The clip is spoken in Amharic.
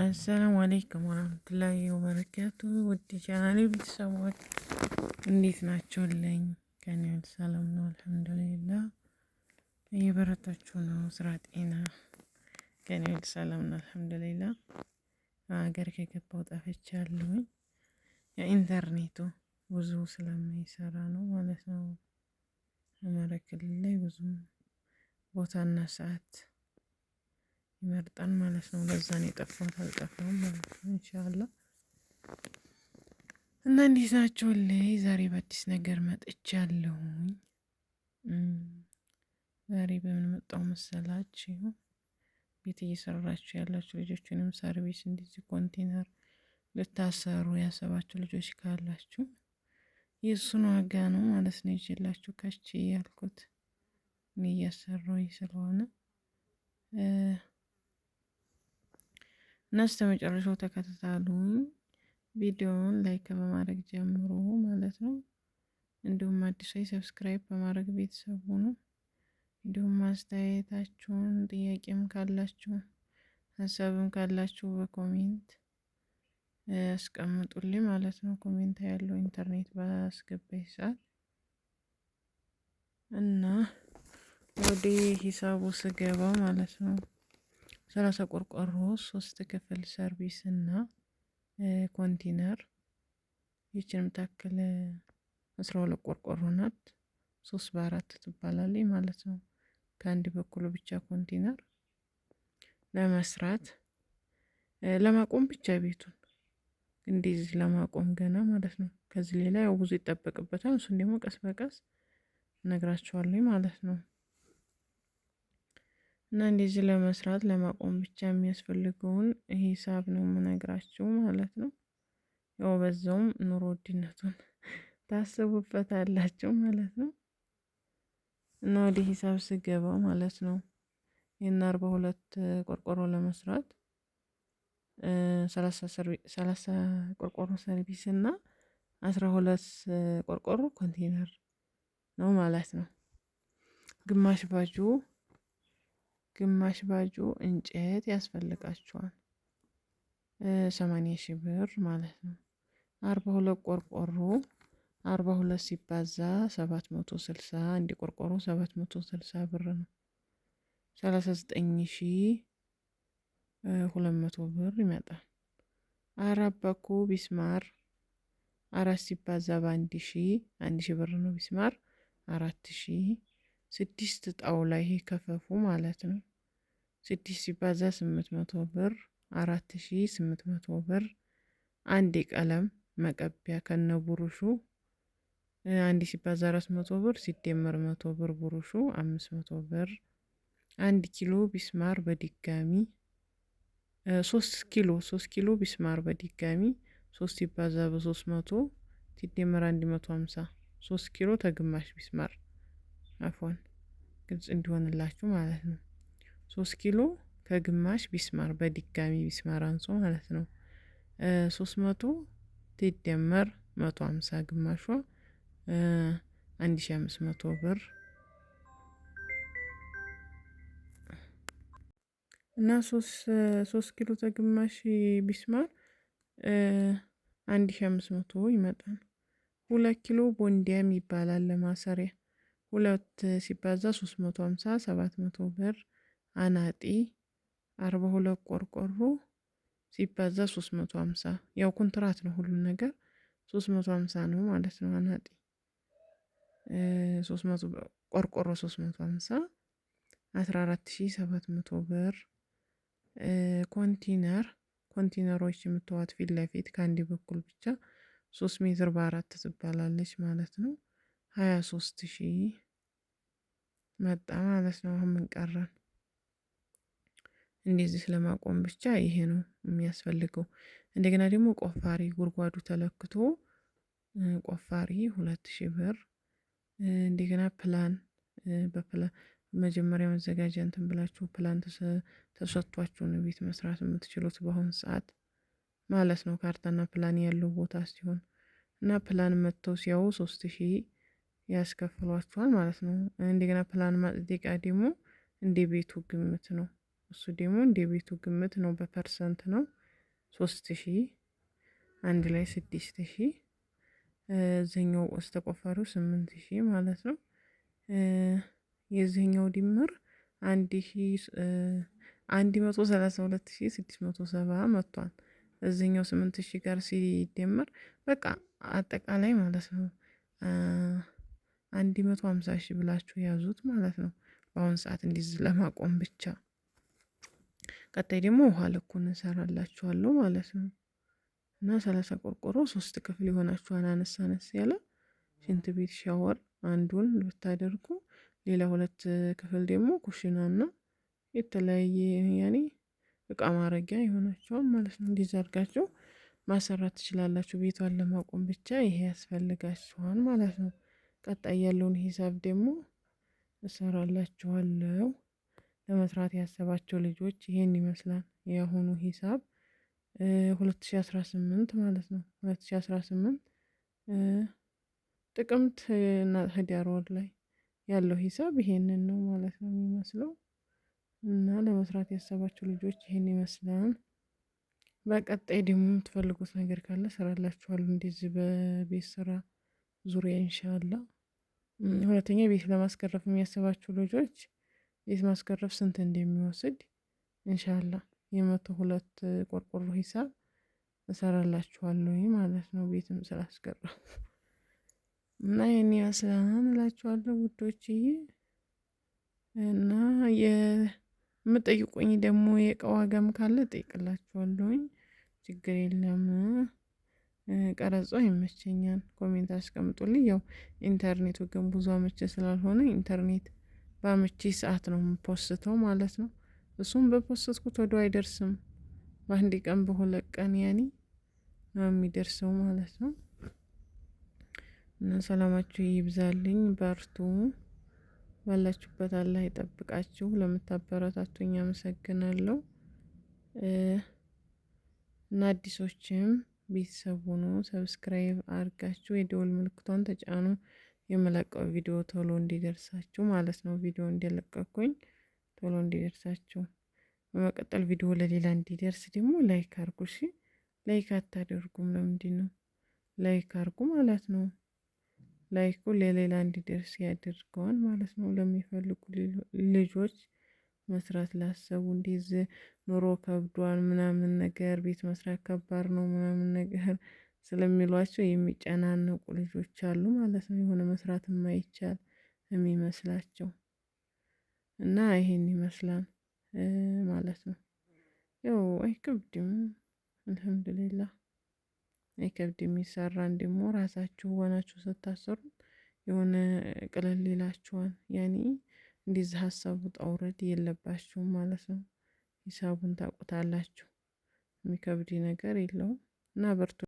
አሰላሙ አሌይኩም ወራህመቱላሂ ወበረካቱ። ውድ ቻናሌ ቤተሰቦች እንዴት ናቸውልኝ? ከኔ ሰላም ነው አልሐምዱሊላህ። እየበረታችሁ ነው? ስራ ጤና? ከኔ ሰላም ነው አልሐምዱሊላህ። ሀገር ከገባው ጠፍቻ የኢንተርኔቱ ብዙ ስለማይሰራ ነው ማለት ነው። አማራ ክልል ላይ ብዙ ቦታና ሰዓት ይመርጣል ማለት ነው። ለዛ ነው የጠፋሁት አልጠፋሁም ማለት ነው። ኢንሻአላህ እና እንዲህ ላይ ዛሬ በአዲስ ነገር መጥቻለሁ። ዛሬ በምን መጣው መሰላችሁ? ቤት እየሰራችሁ ያላችሁ ልጆች ወይም ሰርቪስ እንደዚህ ኮንቴነር ልታሰሩ ያሰባችሁ ልጆች ካላችሁ የእሱን ዋጋ ነው ማለት ነው ይችላችሁ ከች ያልኩት እኔ እያሰራሁ ስለሆነ እና መጨረሻው ተከታተሉኝ። ቪዲዮውን ላይክ በማድረግ ጀምሮ ማለት ነው። እንዲሁም አዲስ ላይ ሰብስክራይብ በማድረግ ቤተሰብ ሁኑ። እንዲሁም አስተያየታችሁን ጥያቄም ካላችሁ ሀሳብም ካላችሁ በኮሜንት አስቀምጡልኝ ማለት ነው። ኮሜንት ያለው ኢንተርኔት ባስገባኝ ሰዓት እና ወደ ሂሳቡ ስገባ ማለት ነው ሰላሳ ቆርቆሮ ሶስት ክፍል ሰርቪስ እና ኮንቲነር ይችን ምታክል አስራ ሁለት ቆርቆሮ ናት። ሶስት በአራት ትባላለች ማለት ነው። ከአንድ በኩሉ ብቻ ኮንቲነር ለመስራት ለማቆም ብቻ ቤቱን እንደዚህ ለማቆም ገና ማለት ነው። ከዚህ ሌላ ያው ብዙ ይጠበቅበታል። እሱን ደግሞ ቀስ በቀስ ነግራቸዋለ ማለት ነው። እና እንደዚህ ለመስራት ለማቆም ብቻ የሚያስፈልገውን ሂሳብ ነው የምነግራችሁ ማለት ነው። ያው በዛውም ኑሮ ውድነቱን ታስቡበታላችሁ ማለት ነው። እና ወደ ሂሳብ ስገባ ማለት ነው ይህን አርባ ሁለት ቆርቆሮ ለመስራት ሰላሳ ቆርቆሮ ሰርቪስ እና አስራ ሁለት ቆርቆሮ ኮንቴነር ነው ማለት ነው። ግማሽ ባጁ ግማሽ ባጁ እንጨት ያስፈልጋችኋል። ሰማንያ ሺህ ብር ማለት ነው። አርባ ሁለት ቆርቆሮ አርባ ሁለት ሲባዛ ሰባት መቶ ስልሳ እንዲ ቆርቆሮ ሰባት መቶ ስልሳ ብር ነው። ሰላሳ ዘጠኝ ሺ ሁለት መቶ ብር ይመጣል። አራት በኩ ቢስማር አራት ሲባዛ በአንድ ሺ አንድ ሺ ብር ነው። ቢስማር አራት ሺህ ስድስት ጣውላ ይሄ ከፈፉ ማለት ነው። ስድስት ሲባዛ ስምንት መቶ ብር አራት ሺ ስምንት መቶ ብር። አንድ የቀለም መቀቢያ ከነ ቡሩሹ አንድ ሲባዛ አራት መቶ ብር ሲደመር መቶ ብር ቡሩሹ አምስት መቶ ብር። አንድ ኪሎ ቢስማር በድጋሚ ሶስት ኪሎ ሶስት ኪሎ ቢስማር በድጋሚ ሶስት ሲባዛ በሶስት መቶ ሲደመር አንድ መቶ ሀምሳ ሶስት ኪሎ ተግማሽ ቢስማር አፎን ግልጽ እንዲሆንላችሁ ማለት ነው። ሶስት ኪሎ ከግማሽ ቢስማር በድጋሚ ቢስማር አንሶ ማለት ነው። ሶስት መቶ ትደመር መቶ ሀምሳ ግማሹ አንድ ሺ አምስት መቶ ብር እና ሶስት ኪሎ ተግማሽ ቢስማር አንድ ሺ አምስት መቶ ይመጣል። ሁለት ኪሎ ቦንዲያም ይባላል ለማሰሪያ ሁለት ሲባዛ 350 700 ብር አናጢ 42 ቆርቆሮ ሲባዛ 350 ያው ኮንትራት ነው ሁሉም ነገር 350 ነው ማለት ነው። አናጢ 300 ቆርቆሮ 350 14700 ብር ኮንቲነር ኮንቲነሮች የምትዋት ፊት ለፊት ከአንድ በኩል ብቻ 3 ሜትር በአራት ትባላለች ማለት ነው። ሀያ ሶስት ሺህ መጣ ማለት ነው። አሁን ምን ቀረን? እንደዚህ ለማቆም ብቻ ይሄ ነው የሚያስፈልገው። እንደገና ደግሞ ቆፋሪ ጉድጓዱ ተለክቶ ቆፋሪ ሁለት ሺህ ብር እንደገና ፕላን በፕላን መጀመሪያ መዘጋጃ እንትን ብላችሁ ፕላን ተሰጥቷችሁ ነው ቤት መስራት የምትችሉት በአሁኑ ሰዓት ማለት ነው። ካርታና ፕላን ያለው ቦታ ሲሆን እና ፕላን መጥተው ሲያዩ ሶስት ሺህ ያስከፍሏቸዋል ማለት ነው። እንደገና ፕላን ማጽደቂያ ደግሞ እንደ ቤቱ ግምት ነው። እሱ ደግሞ እንደ ቤቱ ግምት ነው፣ በፐርሰንት ነው። ሶስት ሺህ አንድ ላይ ስድስት ሺህ እዚህኛው ስተቆፈሪው ስምንት ሺህ ማለት ነው። የዚህኛው ድምር አንድ ሺ አንድ መቶ ሰላሳ ሁለት ሺ ስድስት መቶ ሰባ መጥቷል። እዚህኛው ስምንት ሺህ ጋር ሲደመር በቃ አጠቃላይ ማለት ነው አንድ መቶ ሀምሳ ሺህ ብላችሁ ያዙት ማለት ነው። በአሁን ሰዓት እንዲዝ ለማቆም ብቻ። ቀጣይ ደግሞ ውሃ ልኩን እንሰራላችኋለሁ ማለት ነው እና ሰላሳ ቆርቆሮ ሶስት ክፍል የሆናችኋን አነስ አነስ ያለ ሽንት ቤት ሻወር አንዱን ብታደርጉ ሌላ ሁለት ክፍል ደግሞ ኩሽናና የተለያየ ያኔ እቃ ማረጊያ የሆናቸውን ማለት ነው። እንዲዛ አድርጋችሁ ማሰራት ትችላላችሁ። ቤቷን ለማቆም ብቻ ይሄ ያስፈልጋችኋል ማለት ነው። ቀጣይ ያለውን ሂሳብ ደግሞ እሰራላችኋለሁ። ለመስራት ያሰባቸው ልጆች ይሄን ይመስላል የአሁኑ ሂሳብ 2018 ማለት ነው። 2018 ጥቅምት እና ህዳር ወር ላይ ያለው ሂሳብ ይሄንን ነው ማለት ነው የሚመስለው። እና ለመስራት ያሰባቸው ልጆች ይሄን ይመስላል። በቀጣይ ደግሞ የምትፈልጉት ነገር ካለ እሰራላችኋለሁ እንደዚህ በቤት ስራ ዙሪያ እንሻላ። ሁለተኛ ቤት ለማስገረፍ የሚያስባችሁ ልጆች ቤት ማስገረፍ ስንት እንደሚወስድ እንሻላ የመቶ ሁለት ቆርቆሮ ሂሳብ እሰራላችኋለሁ ማለት ነው። ቤትም ስላስገረፍ እና የኔ ያስላናን እላችኋለሁ ውዶችዬ። እና የምጠይቁኝ ደግሞ የእቃ ዋጋም ካለ ጠይቅላችኋለሁኝ። ችግር የለም። ቀረጹ ይመቸኛል። ኮሜንት አስቀምጡልኝ። ያው ኢንተርኔቱ ግን ብዙ አመቼ ስላልሆነ ኢንተርኔት በአመቼ ሰዓት ነው ፖስተው ማለት ነው። እሱም በፖስትኩት ወዲያው አይደርስም። በአንድ ቀን በሁለት ቀን ያኔ ነው የሚደርሰው ማለት ነው። እና ሰላማችሁ ይብዛልኝ። በርቱ። ባላችሁበት አላህ ይጠብቃችሁ። ለምታበረታቱኝ አመሰግናለሁ እና አዲሶችም ቤተሰብ ሆኖ ሰብስክራይብ አድርጋችሁ የደወል ምልክቷን ተጫኑ። የመለቀው ቪዲዮ ቶሎ እንዲደርሳችሁ ማለት ነው። ቪዲዮ እንደለቀኩኝ ቶሎ እንዲደርሳችሁ። በመቀጠል ቪዲዮ ለሌላ እንዲደርስ ደግሞ ላይክ አርጉ። እሺ፣ ላይክ አታደርጉም ለምንድን ነው? ላይክ አርጉ ማለት ነው። ላይኩ ለሌላ እንዲደርስ ያደርገዋል ማለት ነው። ለሚፈልጉ ልጆች መስራት ላሰቡ እንዲዝ ኑሮ ከብዷል ምናምን ነገር ቤት መስራት ከባድ ነው ምናምን ነገር ስለሚሏቸው የሚጨናነቁ ልጆች አሉ ማለት ነው። የሆነ መስራት የማይቻል የሚመስላቸው እና ይሄን ይመስላል ማለት ነው። ያው አይከብድም አልሀምዱሊላህ አይከብድም ይሰራል ደግሞ ራሳችሁ ሆናችሁ ስታሰሩ የሆነ ቅለል ይላችኋል ያኔ እንደዚህ ሀሳብ ውጣ ውረድ የለባችሁም ማለት ነው። ሂሳቡን ታውቁታላችሁ። የሚከብድ ነገር የለውም እና በርቱ።